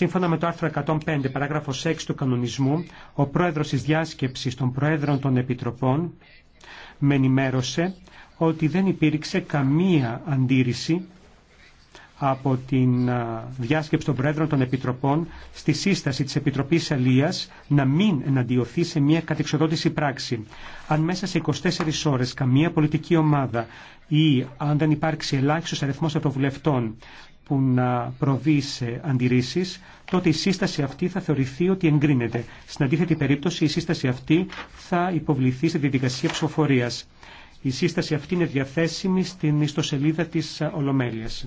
Σύμφωνα με το άρθρο 105, παράγραφος 6 του κανονισμού, ο πρόεδρος της διάσκεψης των πρόεδρων των επιτροπών με ενημέρωσε ότι δεν υπήρξε καμία αντίρρηση από την διάσκεψη των Πρόεδρων των Επιτροπών στη σύσταση της Επιτροπής Αλίας να μην εναντιωθεί σε μια κατεξοδότηση πράξη. Αν μέσα σε 24 ώρες καμία πολιτική ομάδα ή αν δεν υπάρξει ελάχιστος αριθμός ευρωβουλευτών που να προβεί σε αντιρρήσει, τότε η σύσταση αυτή θα θεωρηθεί ότι εγκρίνεται. Στην αντίθετη περίπτωση, η σύσταση αυτή θα υποβληθεί στη διαδικασία ψηφοφορία. Η σύσταση αυτή είναι διαθέσιμη στην ιστοσελίδα της Ολομέλειας.